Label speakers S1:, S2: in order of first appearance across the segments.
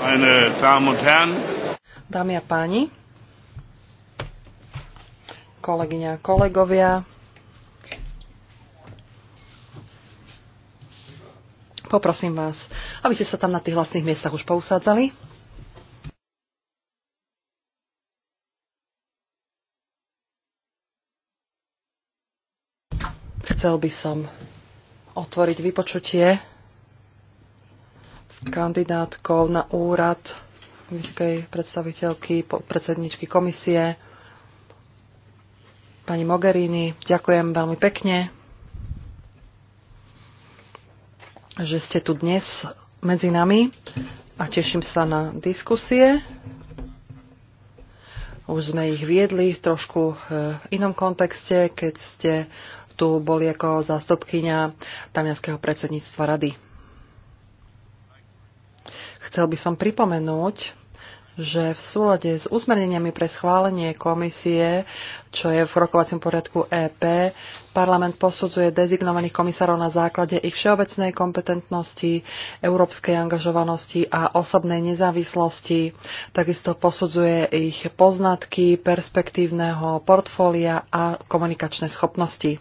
S1: Meine Damen und Herren. Dámy a páni, kolegyňa a kolegovia, poprosím vás, aby ste sa tam na tých hlasných miestach už pousádzali. Chcel by som otvoriť vypočutie kandidátkou na úrad vysokej predstaviteľky, predsedničky komisie, pani Mogherini. Ďakujem veľmi pekne, že ste tu dnes medzi nami a teším sa na diskusie. Už sme ich viedli v trošku e, inom kontexte, keď ste tu boli ako zástupkynia talianského predsedníctva rady. Chcel by som pripomenúť, že v súlade s usmerneniami pre schválenie komisie, čo je v rokovacom poriadku EP, parlament posudzuje dezignovaných komisárov na základe ich všeobecnej kompetentnosti, európskej angažovanosti a osobnej nezávislosti. Takisto posudzuje ich poznatky, perspektívneho portfólia a komunikačné schopnosti.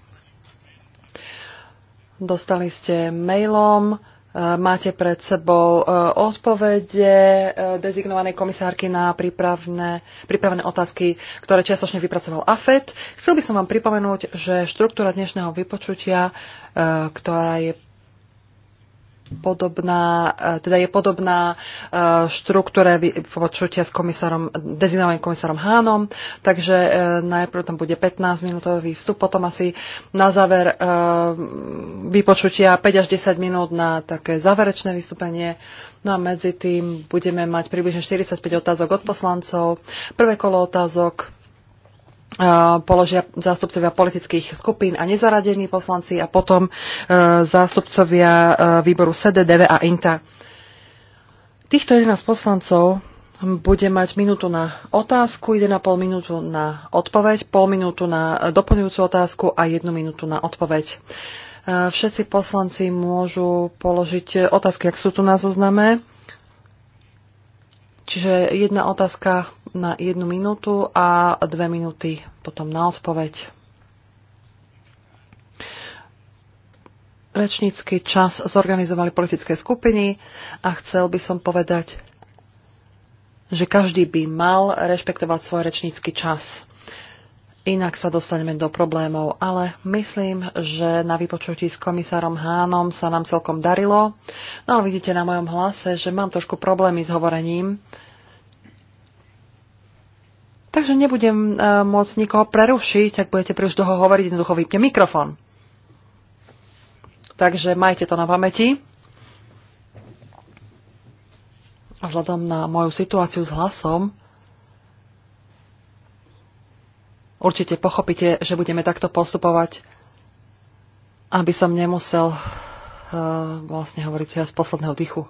S1: Dostali ste mailom Máte pred sebou e, odpovede e, dezignovanej komisárky na prípravné, prípravné otázky, ktoré čiastočne vypracoval AFET. Chcel by som vám pripomenúť, že štruktúra dnešného vypočutia, e, ktorá je podobná, e, teda je podobná e, štruktúre počutia s komisárom, dezinovaným komisárom Hánom, takže e, najprv tam bude 15-minútový vstup, potom asi na záver vypočutia 5 až 10 minút na také záverečné vystúpenie. No a medzi tým budeme mať približne 45 otázok od poslancov. Prvé kolo otázok E, položia zástupcovia politických skupín a nezaradení poslanci a potom e, zástupcovia e, výboru SEDEDV a INTA. Týchto 11 poslancov bude mať minútu na otázku, 1,5 minútu na odpoveď, pol minútu na doplňujúcu otázku a 1 minútu na odpoveď. Všetci poslanci môžu položiť otázky, ak sú tu na zozname. Čiže jedna otázka na jednu minútu a dve minúty potom na odpoveď. Rečnícky čas zorganizovali politické skupiny a chcel by som povedať, že každý by mal rešpektovať svoj rečnícky čas. Inak sa dostaneme do problémov, ale myslím, že na vypočutí s komisárom Hánom sa nám celkom darilo. No ale vidíte na mojom hlase, že mám trošku problémy s hovorením. Takže nebudem uh, môcť nikoho prerušiť, ak budete príliš dlho hovoriť, jednoducho vypne mikrofón. Takže majte to na pamäti. A Vzhľadom na moju situáciu s hlasom, určite pochopíte, že budeme takto postupovať, aby som nemusel uh, vlastne hovoriť ja z posledného dychu.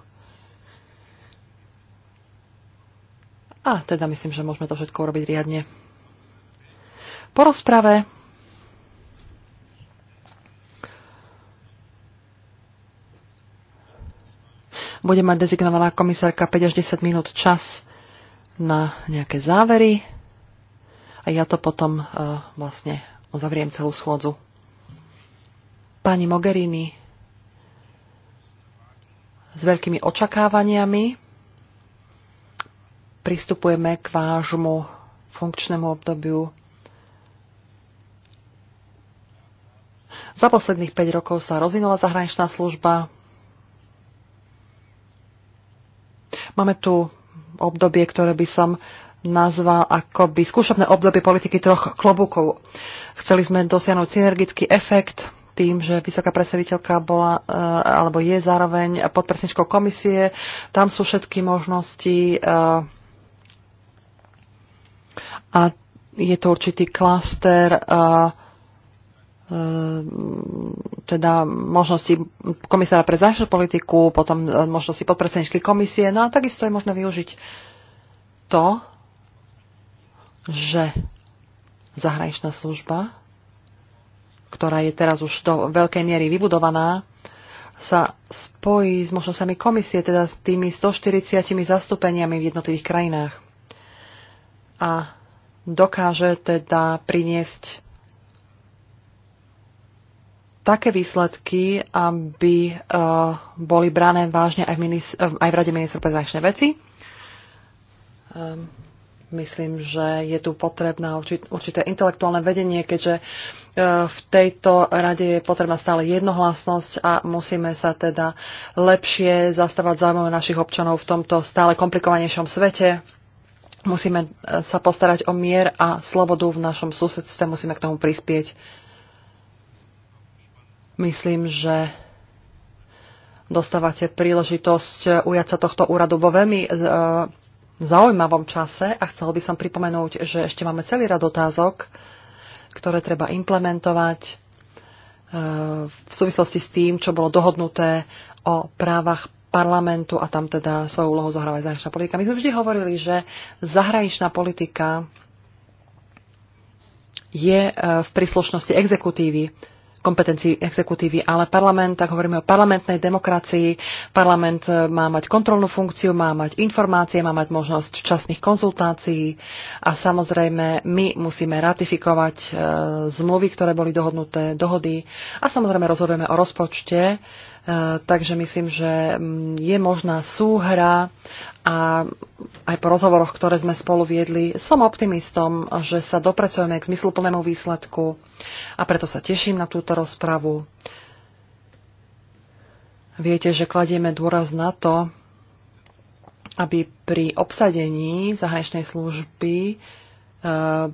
S1: A teda myslím, že môžeme to všetko urobiť riadne. Po rozprave bude mať dezignovaná komisárka 5 až 10 minút čas na nejaké závery a ja to potom uh, vlastne uzavriem celú schôdzu. Pani Mogherini s veľkými očakávaniami pristupujeme k vášmu funkčnému obdobiu. Za posledných 5 rokov sa rozvinula zahraničná služba. Máme tu obdobie, ktoré by som nazval akoby skúšobné obdobie politiky troch klobúkov. Chceli sme dosiahnuť synergický efekt tým, že vysoká predstaviteľka bola e, alebo je zároveň podpresničkou komisie. Tam sú všetky možnosti e, a je to určitý klaster e, teda možnosti komisára pre zahraničnú politiku, potom e, možnosti podpredsedničky komisie. No a takisto je možné využiť to, že zahraničná služba, ktorá je teraz už do veľkej miery vybudovaná, sa spojí s možnosťami komisie, teda s tými 140 zastúpeniami v jednotlivých krajinách. A dokáže teda priniesť také výsledky, aby uh, boli brané vážne aj v, minis- eh, aj v Rade ministrov pre zahraničné veci. Um, myslím, že je tu potrebné určit- určité intelektuálne vedenie, keďže uh, v tejto rade je potrebná stále jednohlasnosť a musíme sa teda lepšie zastávať záujmov našich občanov v tomto stále komplikovanejšom svete Musíme e, sa postarať o mier a slobodu v našom susedstve, musíme k tomu prispieť. Myslím, že dostávate príležitosť e, ujať sa tohto úradu vo veľmi e, zaujímavom čase a chcel by som pripomenúť, že ešte máme celý rad otázok, ktoré treba implementovať e, v súvislosti s tým, čo bolo dohodnuté o právach parlamentu a tam teda svoju úlohu zohráva aj zahraničná politika. My sme vždy hovorili, že zahraničná politika je e, v príslušnosti exekutívy kompetencií exekutívy, ale parlament, tak hovoríme o parlamentnej demokracii, parlament e, má mať kontrolnú funkciu, má mať informácie, má mať možnosť včasných konzultácií a samozrejme my musíme ratifikovať e, zmluvy, ktoré boli dohodnuté, dohody a samozrejme rozhodujeme o rozpočte, e, takže myslím, že je možná súhra a aj po rozhovoroch, ktoré sme spolu viedli, som optimistom, že sa dopracujeme k zmysluplnému výsledku a preto sa teším na túto túto rozpravu. Viete, že kladieme dôraz na to, aby pri obsadení zahraničnej služby, eh,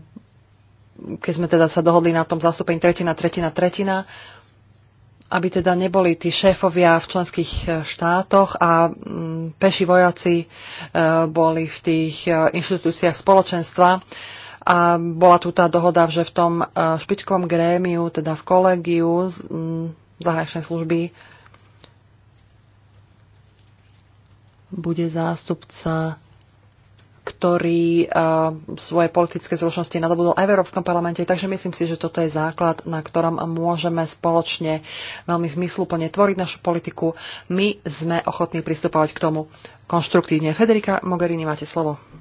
S1: keď sme teda sa dohodli na tom zastúpení tretina, tretina, tretina, aby teda neboli tí šéfovia v členských eh, štátoch a mm, peši vojaci eh, boli v tých inštitúciách spoločenstva. A bola tu tá dohoda, že v tom e, špičkovom grémiu, teda v kolegiu zahraničnej služby, bude zástupca, ktorý e, svoje politické zručnosti nadobudol aj v Európskom parlamente. Takže myslím si, že toto je základ, na ktorom môžeme spoločne veľmi zmysluplne tvoriť našu politiku. My sme ochotní pristupovať k tomu konštruktívne. Federika Mogherini, máte slovo.